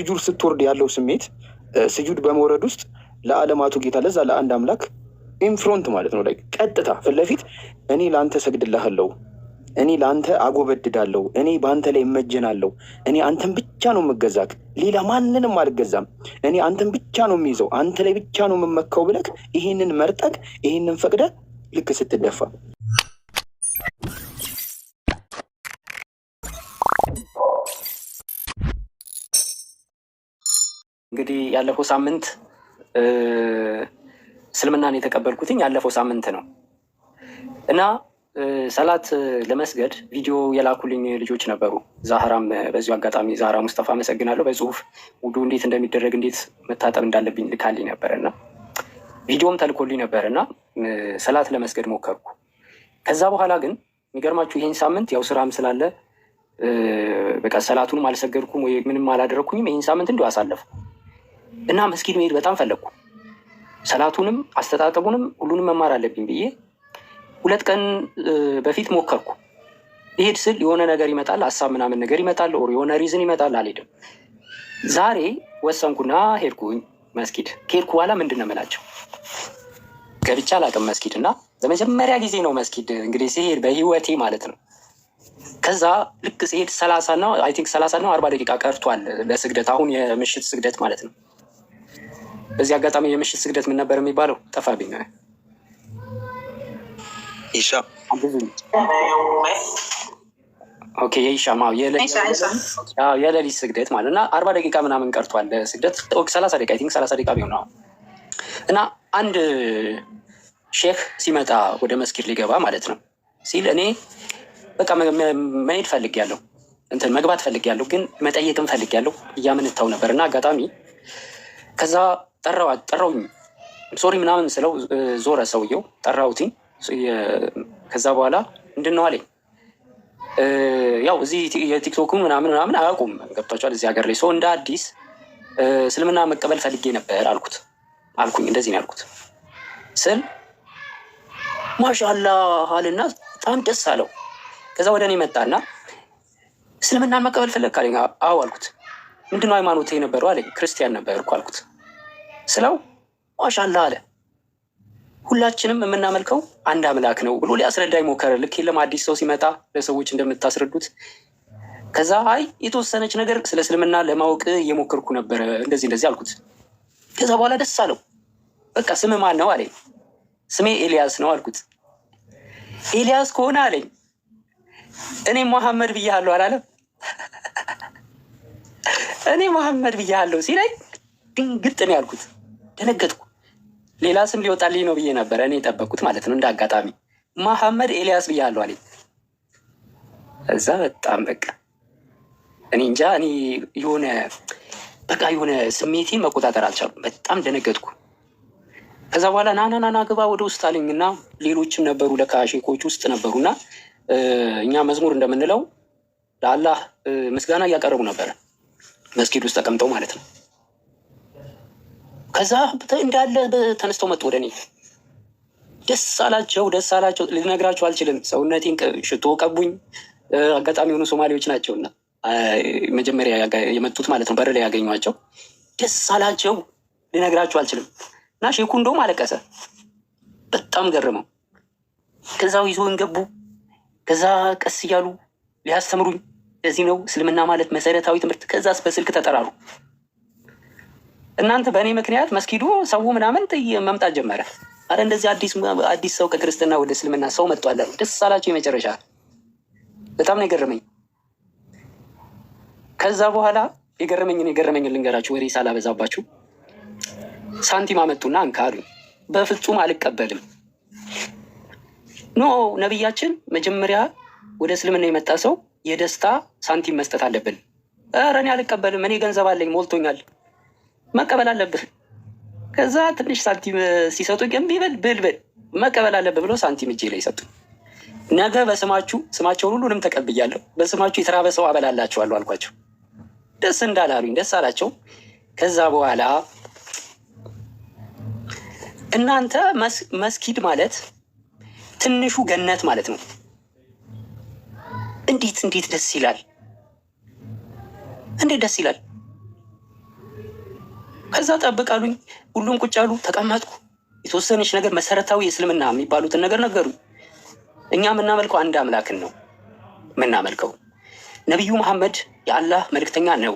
ስጁድ ስትወርድ ያለው ስሜት ስጁድ በመውረድ ውስጥ ለዓለማቱ ጌታ ለዛ ለአንድ አምላክ ኢንፍሮንት ማለት ነው። ላይ ቀጥታ ፊት ለፊት እኔ ለአንተ ሰግድላህለው እኔ ለአንተ አጎበድዳለሁ፣ እኔ በአንተ ላይ እመጀናለሁ፣ እኔ አንተን ብቻ ነው የምገዛክ፣ ሌላ ማንንም አልገዛም፣ እኔ አንተን ብቻ ነው የሚይዘው፣ አንተ ላይ ብቻ ነው የምመካው ብለክ ይህንን መርጠቅ ይህንን ፈቅደ ልክ ስትደፋ እንግዲህ ያለፈው ሳምንት እስልምናን የተቀበልኩትኝ ያለፈው ሳምንት ነው እና ሰላት ለመስገድ ቪዲዮ የላኩልኝ ልጆች ነበሩ። ዛህራም በዚሁ አጋጣሚ ዛህራ ሙስጠፋ አመሰግናለሁ። በጽሁፍ ውዱ እንዴት እንደሚደረግ እንዴት መታጠብ እንዳለብኝ ልካልኝ ነበር እና ቪዲዮም ተልኮልኝ ነበር እና ሰላት ለመስገድ ሞከርኩ። ከዛ በኋላ ግን የሚገርማችሁ ይህን ሳምንት ያው ስራም ስላለ በቃ ሰላቱንም አልሰገድኩም ወይ ምንም አላደረግኩኝም። ይህን ሳምንት እንዲሁ አሳለፍኩ። እና መስጊድ መሄድ በጣም ፈለግኩ። ሰላቱንም አስተጣጠቡንም ሁሉንም መማር አለብኝ ብዬ ሁለት ቀን በፊት ሞከርኩ። ይሄድ ስል የሆነ ነገር ይመጣል፣ ሀሳብ ምናምን ነገር ይመጣል፣ ኦር የሆነ ሪዝን ይመጣል፣ አልሄድም። ዛሬ ወሰንኩና ሄድኩኝ መስጊድ። ከሄድኩ በኋላ ምንድን ነው የምላቸው ገብቼ አላውቅም መስጊድ እና ለመጀመሪያ ጊዜ ነው መስጊድ እንግዲህ ሲሄድ በህይወቴ ማለት ነው። ከዛ ልክ ሲሄድ ሰላሳ ነው አይ ቲንክ ሰላሳ ነው አርባ ደቂቃ ቀርቷል ለስግደት፣ አሁን የምሽት ስግደት ማለት ነው። በዚህ አጋጣሚ የምሽት ስግደት ምን ነበር የሚባለው? ጠፋብኝ። ኢሻ ኦኬ፣ የኢሻማ የሌሊት ስግደት ማለት እና አርባ ደቂቃ ምናምን ቀርቷል ስግደት። ሰላሳ ደቂቃ ቲንክ ሰላሳ ደቂቃ ቢሆን ነው እና አንድ ሼክ ሲመጣ ወደ መስጊድ ሊገባ ማለት ነው ሲል እኔ በቃ መሄድ ያለው እንትን መግባት ያለው ግን መጠየቅም ያለው እያምንታው ነበር እና አጋጣሚ ከዛ ጠራዋት ጠራውኝ ሶሪ ምናምን ስለው ዞረ ሰውየው። ጠራውትኝ ከዛ በኋላ ምንድን ነው አለኝ። ያው እዚህ የቲክቶክ ምናምን ምናምን አያውቁም ገብቷቸዋል። እዚህ ሀገር ላይ ሰው እንደ አዲስ እስልምና መቀበል ፈልጌ ነበር አልኩት አልኩኝ። እንደዚህ ነው ያልኩት ስል ማሻላ አልና በጣም ደስ አለው። ከዛ ወደ እኔ መጣና እስልምናን መቀበል ፈለግ ካለኝ አዎ አልኩት። ምንድነው ሃይማኖት የነበረው አለኝ። ክርስቲያን ነበርኩ አልኩት። ስለው ማሻአላህ አለ። ሁላችንም የምናመልከው አንድ አምላክ ነው ብሎ ሊያስረዳ ይሞከረ። ልክ የለም አዲስ ሰው ሲመጣ ለሰዎች እንደምታስረዱት። ከዛ አይ የተወሰነች ነገር ስለ እስልምና ለማወቅ እየሞከርኩ ነበረ እንደዚህ እንደዚህ አልኩት። ከዛ በኋላ ደስ አለው። በቃ ስም ማን ነው አለኝ። ስሜ ኤልያስ ነው አልኩት። ኤልያስ ከሆነ አለኝ እኔም መሐመድ ብያለሁ አላለም እኔ መሐመድ ብያለሁ ሲለኝ ድንግጥ ነው ያልኩት። ደነገጥኩ። ሌላ ስም ሊወጣልኝ ነው ብዬ ነበረ እኔ የጠበቅኩት ማለት ነው። እንደ አጋጣሚ መሐመድ ኤልያስ ብያለሁ አለኝ። እዛ በጣም በቃ እኔ እንጃ እኔ የሆነ በቃ የሆነ ስሜቴን መቆጣጠር አልቻሉም በጣም ደነገጥኩ። ከዛ በኋላ ናናናና ግባ ወደ ውስጥ አለኝ እና ሌሎችም ነበሩ ለካ ሼኮች ውስጥ ነበሩና እኛ መዝሙር እንደምንለው ለአላህ ምስጋና እያቀረቡ ነበረ። መስጊድ ውስጥ ተቀምጠው ማለት ነው። ከዛ እንዳለ ተነስተው መጡ ወደ እኔ። ደስ አላቸው፣ ደስ አላቸው። ልነግራቸው አልችልም። ሰውነቴን ሽቶ ቀቡኝ። አጋጣሚ የሆኑ ሶማሌዎች ናቸውና መጀመሪያ የመጡት ማለት ነው። በር ላይ ያገኟቸው ደስ አላቸው። ልነግራቸው አልችልም። እና ሼኩ እንደውም አለቀሰ። በጣም ገርመው ከዛው ይዞን ገቡ። ከዛ ቀስ እያሉ ሊያስተምሩኝ ለዚህ ነው እስልምና ማለት መሰረታዊ ትምህርት። ከዛስ በስልክ ተጠራሩ። እናንተ በእኔ ምክንያት መስጊዱ ሰው ምናምን መምጣት ጀመረ። አረ እንደዚህ አዲስ ሰው ከክርስትና ወደ እስልምና ሰው መጥቷል አሉ። ደስ አላቸው። የመጨረሻ በጣም ነው የገረመኝ። ከዛ በኋላ የገረመኝን የገረመኝን ልንገራችሁ፣ ወሬ ሳላበዛባችሁ። ሳንቲም አመጡና አንካ አሉ። በፍጹም አልቀበልም። ኖ ነቢያችን መጀመሪያ ወደ እስልምና የመጣ ሰው የደስታ ሳንቲም መስጠት አለብን። ኧረ እኔ አልቀበልም፣ እኔ ገንዘብ አለኝ ሞልቶኛል፣ መቀበል አለብህ። ከዛ ትንሽ ሳንቲም ሲሰጡ እምቢ በል መቀበል አለብህ ብሎ ሳንቲም እጄ ላይ ሰጡ። ነገ በስማችሁ ስማቸውን ሁሉንም ተቀብያለሁ፣ በስማችሁ የተራበ ሰው አበላላችኋለሁ አልኳቸው። ደስ እንዳላሉኝ ደስ አላቸው። ከዛ በኋላ እናንተ መስጊድ ማለት ትንሹ ገነት ማለት ነው። እንዴት እንዴት ደስ ይላል! እንዴት ደስ ይላል! ከዛ ጠብቅ ሁሉም ቁጭ አሉ። ተቀመጥኩ። የተወሰነች ነገር መሰረታዊ የእስልምና የሚባሉትን ነገር ነገሩኝ። እኛ የምናመልከው አንድ አምላክን ነው የምናመልከው። ነቢዩ መሐመድ የአላህ መልእክተኛ ነው።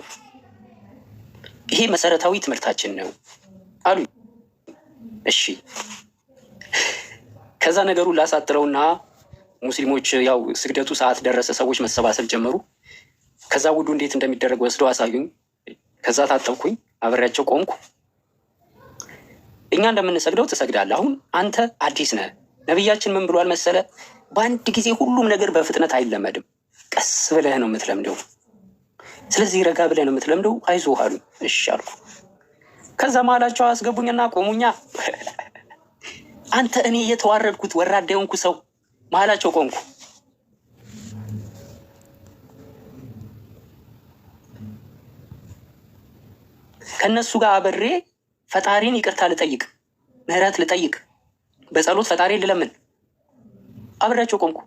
ይሄ መሰረታዊ ትምህርታችን ነው አሉ። እሺ ከዛ ነገሩ ላሳጥረውና ሙስሊሞች ያው ስግደቱ ሰዓት ደረሰ፣ ሰዎች መሰባሰብ ጀመሩ። ከዛ ውዱ እንዴት እንደሚደረግ ወስደው አሳዩኝ። ከዛ ታጠብኩኝ፣ አብሬያቸው ቆምኩ። እኛ እንደምንሰግደው ትሰግዳለህ። አሁን አንተ አዲስ ነህ። ነቢያችን ምን ብሏል መሰለ? በአንድ ጊዜ ሁሉም ነገር በፍጥነት አይለመድም። ቀስ ብለህ ነው የምትለምደው። ስለዚህ ረጋ ብለህ ነው የምትለምደው። አይዞህ አሉኝ። እሺ አልኩ። ከዛ መሀላቸው አስገቡኝና ቆሙኛ። አንተ እኔ እየተዋረድኩት ወራዳ የሆንኩ ሰው መሀላቸው ቆምኩ። ከእነሱ ጋር አብሬ ፈጣሪን ይቅርታ ልጠይቅ፣ ምህረት ልጠይቅ፣ በጸሎት ፈጣሪ ልለምን አብሬያቸው ቆምኩ።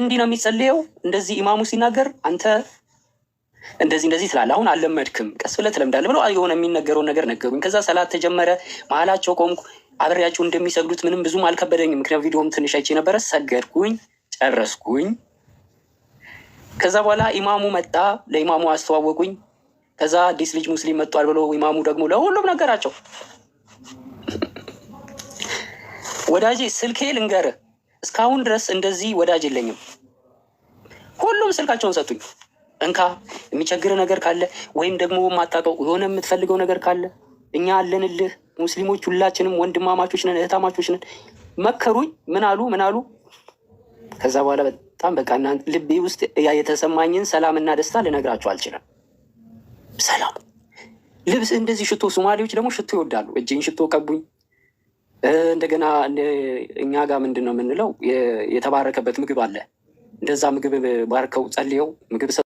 እንዲህ ነው የሚጸልየው። እንደዚህ ኢማሙ ሲናገር አንተ እንደዚህ እንደዚህ ትላለህ። አሁን አልለመድክም፣ ቀስ ብለህ ትለምዳለህ ብሎ የሆነ የሚነገረውን ነገር ነገሩኝ። ከዛ ሰላት ተጀመረ፣ መሀላቸው ቆምኩ። አብሬያቸው እንደሚሰግዱት ምንም ብዙም አልከበደኝም። ምክንያት ቪዲዮም ትንሽ አይቼ ነበረ። ሰገድኩኝ፣ ጨረስኩኝ። ከዛ በኋላ ኢማሙ መጣ። ለኢማሙ አስተዋወቁኝ። ከዛ አዲስ ልጅ ሙስሊም መጧል ብሎ ኢማሙ ደግሞ ለሁሉም ነገራቸው። ወዳጄ ስልኬ ልንገር፣ እስካሁን ድረስ እንደዚህ ወዳጅ የለኝም። ሁሉም ስልካቸውን ሰጡኝ። እንካ የሚቸግር ነገር ካለ ወይም ደግሞ ማጣቀው የሆነ የምትፈልገው ነገር ካለ እኛ አለንልህ ሙስሊሞች ሁላችንም ወንድማማቾች ነን፣ እህታማቾች ነን። መከሩኝ። ምን አሉ ምን አሉ? ከዛ በኋላ በጣም በቃ ልቤ ውስጥ የተሰማኝን ሰላምና ደስታ ልነግራቸው አልችልም። ሰላም ልብስ እንደዚህ ሽቶ፣ ሶማሌዎች ደግሞ ሽቶ ይወዳሉ። እጅን ሽቶ ቀቡኝ። እንደገና እኛ ጋር ምንድን ነው የምንለው? የተባረከበት ምግብ አለ። እንደዛ ምግብ ባርከው ጸልየው ምግብ